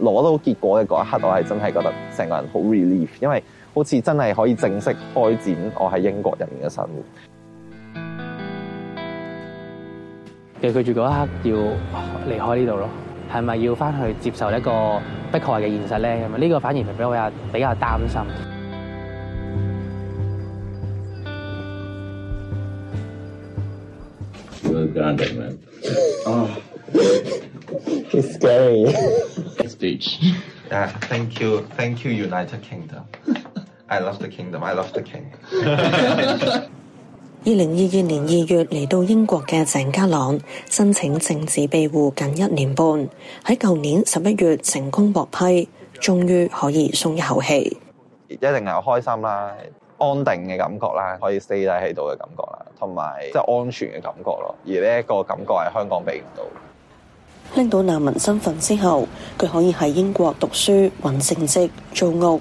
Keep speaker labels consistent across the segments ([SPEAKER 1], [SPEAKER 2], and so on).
[SPEAKER 1] 攞到結果嘅嗰一刻，我係真係覺得成個人好 relief，因為好似真係可以正式開展我喺英國人嘅生活。
[SPEAKER 2] 記住嗰一刻要離開呢度咯，係咪要返去接受一個不確嘅現實咧？咁啊，呢個反而係比，比較比較擔心。he
[SPEAKER 1] Yeah, thank you, thank you United Kingdom. I love the kingdom,
[SPEAKER 3] I love the kingdom. 2022年2月嚟到英國嘅鄭家朗申請政治庇護近一年半，喺舊年十一月成功獲批，終於可以鬆一口
[SPEAKER 1] 氣。一定係開心啦，安定嘅感覺啦，可以 stay 喺度嘅感覺啦，同埋即係安全嘅感覺咯。而呢個感覺係香港俾唔到。
[SPEAKER 3] 拎到難民身份之後，佢可以喺英國讀書、搵正職、租屋。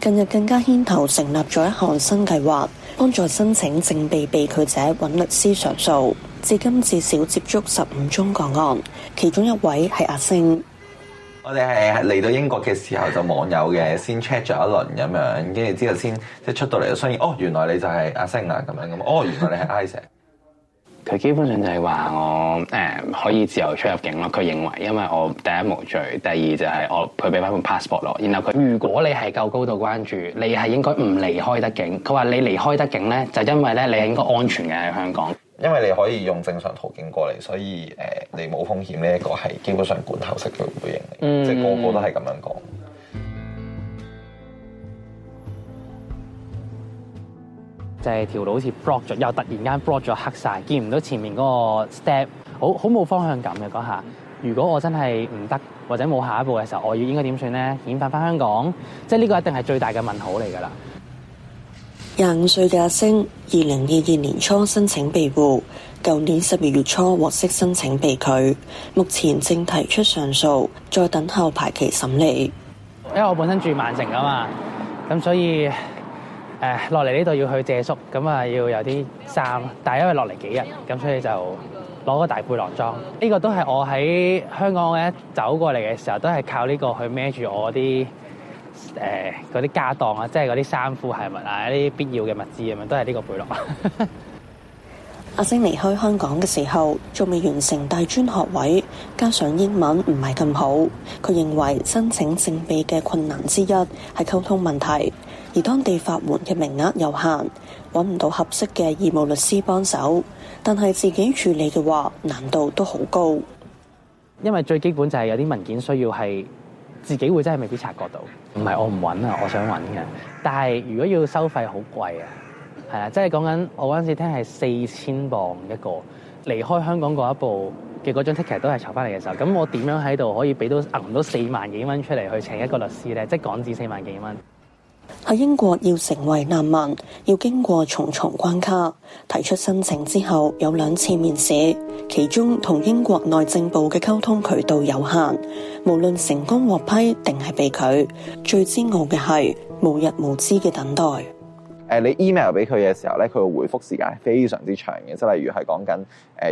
[SPEAKER 3] 近日更加牽頭成立咗一項新計劃，幫助申請政庇被拒者搵律師上訴。至今至少接觸十五宗個案，其中一位係阿星。
[SPEAKER 1] 我哋係嚟到英國嘅時候就網友嘅，先 check 咗一輪咁樣，跟住之後先即係出到嚟，所以哦，原來你就係阿星啊，咁樣咁，哦，原來你
[SPEAKER 2] 係 Isaac。佢基本上就係話我誒、嗯、可以自由出入境咯。佢認為因為我第一無罪，第二就係我佢俾翻本 passport 咯。然後佢如果你係夠高度關注，你係應該唔離開得境。佢話你離開得境咧，就因為咧你係應該安全嘅喺香港。
[SPEAKER 1] 因為你可以用正常途徑過嚟，所以誒、呃、你冇風險，呢一個係基本上罐頭式嘅回應
[SPEAKER 2] 嚟，嗯、即係個個
[SPEAKER 1] 都係咁樣講。
[SPEAKER 2] 就係條路好似 block 咗，又突然間 block 咗，黑晒，見唔到前面嗰個 step，好好冇方向感嘅嗰下。如果我真係唔得或者冇下一步嘅時候，我要應該點算呢？遣返翻香港，即係呢個一定係最大嘅問號嚟噶啦。
[SPEAKER 3] 廿五歲嘅阿星，二零二二年初申請庇護，舊年十二月初獲悉申請被拒，目前正提出上訴，再等候排期審理。
[SPEAKER 2] 因為我本身住曼城噶嘛，咁所以。誒落嚟呢度要去借宿，咁啊要有啲衫，但係因為落嚟幾日，咁所以就攞個大背囊裝。呢個都係我喺香港咧走過嚟嘅時候，都係靠呢個去孭住我啲誒嗰啲家當啊，即係嗰啲衫褲鞋襪啊，啲必要嘅物資啊，咁樣，都係呢個背囊。
[SPEAKER 3] 阿星離開香港嘅時候，仲未完成大專學位，加上英文唔係咁好，佢認為申請政庇嘅困難之一係溝通問題。而當地法援嘅名額有限，揾唔到合適嘅義務律師
[SPEAKER 2] 幫手。但係自己處理嘅話，難度都好高。因為最基本就係有啲文件需要係自己會真係未必察覺到。唔係、嗯、我唔揾啊，我想揾嘅。但係如果要收費好貴啊，係啊，即係講緊我嗰陣時聽係四千鎊一個。離開香港嗰一步嘅嗰張 ticket 都係籌翻嚟嘅時候。咁我點樣喺度可以俾到揞到四萬幾蚊出嚟去請一個律師咧？即係港紙四萬幾蚊。
[SPEAKER 3] 喺英國要成為難民，要經過重重關卡，提出申請之後有兩次面試，其中同英國內政部嘅溝通渠道有限，無論成功獲批定係被拒，最煎熬嘅係無日無之嘅等待。
[SPEAKER 1] 誒你 email 俾佢嘅時候咧，佢嘅回覆時間係非常之長嘅，即係例如係講緊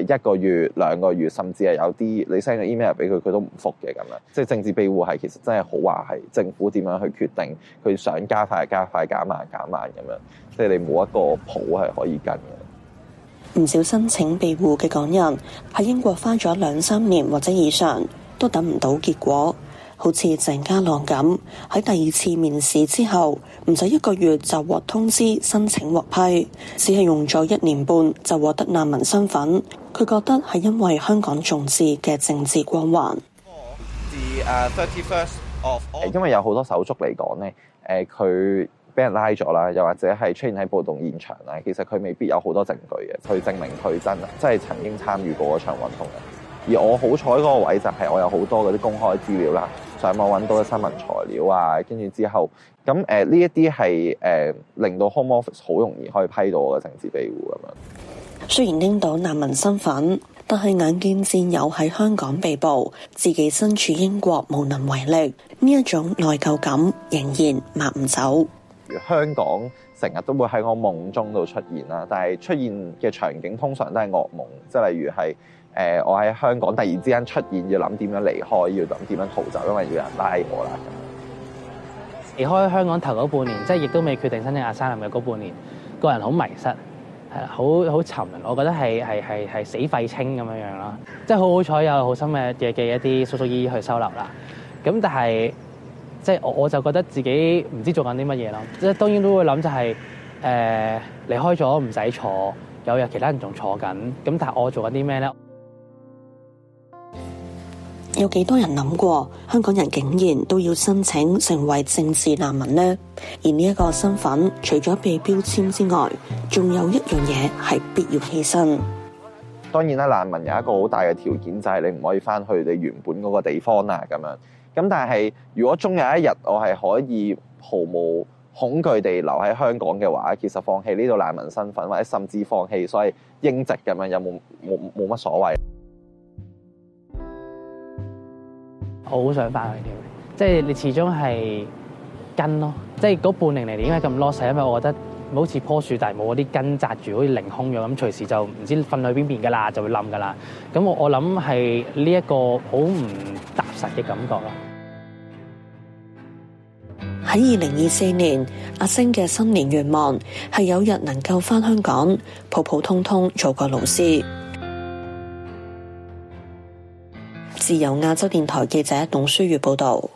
[SPEAKER 1] 誒一個月、兩個月，甚至係有啲你 send 個 email 俾佢，佢都唔覆嘅咁樣。即係政治庇護係其實真係好話係政府點樣去決定佢想加快加快、減慢係減慢咁樣，即係你冇一個譜係可以跟嘅。
[SPEAKER 3] 唔少申請庇護嘅港人喺英國翻咗兩三年或者以上，都等唔到結果。好似鄭家朗咁，喺第二次面試之後，唔使一個月就獲通知申請獲批，只係用咗一年半就獲得難民身份。佢覺得係因為香港重視嘅政治光環。
[SPEAKER 1] 因為有好多手足嚟講咧，誒、呃，佢俾人拉咗啦，又或者係出現喺暴動現場啦，其實佢未必有好多證據嘅去證明佢真即係曾經參與過嗰場運動嘅。而我好彩嗰個位就係我有好多嗰啲公開資料啦，上網揾到嘅新聞材料啊，跟住之後，咁誒呢一啲係誒令到 Home Office 好容易可以批到我嘅政治庇護，咁樣
[SPEAKER 3] 雖然拎到難民身份，但係眼見戰友喺香港被捕，
[SPEAKER 1] 自己身處英國無能為力，呢一種內疚感仍然抹唔走。香港成日都會喺我夢中度出現啦，但係出現嘅場景通常都係噩夢，即係例如係。誒、呃，我喺香港，突然之間出現，要諗點樣離開，要諗點樣逃走，因為有人拉我啦。
[SPEAKER 2] 離開香港頭嗰半年，即係亦都未決定申請阿三林嘅嗰半年，個人好迷失，係好好沉。我覺得係係係係死廢青咁樣樣啦。即係好好彩有好心嘅嘢嘅一啲叔叔姨姨去收留啦。咁但係即係我我就覺得自己唔知做緊啲乜嘢咯。即係當然都會諗就係、是、誒、呃、離開咗唔使坐，有日其他人仲坐緊，咁但係我做緊啲咩咧？
[SPEAKER 3] 有幾多人諗過香港人竟然都要申請成為政治難民呢？
[SPEAKER 1] 而呢一個身份，除咗被標籤之外，仲有一樣嘢係必要犧牲。當然啦，難民有一個好大嘅條件就係、是、你唔可以翻去你原本嗰個地方啊，咁樣。咁但係如果終有一日我係可以毫無恐懼地留喺香港嘅話，其實放棄呢度難民身份，或者甚至放棄所謂英籍咁樣，有冇冇冇乜所謂？
[SPEAKER 2] 我好想翻去啲，即係你始終係根咯，即係嗰半年嚟你應該咁囉，因為我覺得好似樖樹，但係冇嗰啲根扎住，好似凌空咗，咁，隨時就唔知瞓去邊邊噶啦，就會冧噶啦。咁我我諗係呢一個好唔踏實嘅感覺咯。
[SPEAKER 3] 喺二零二四年，阿星嘅新年願望係有日能夠翻香港，普普通通做個老師。自由亞洲電台記者董書月報道。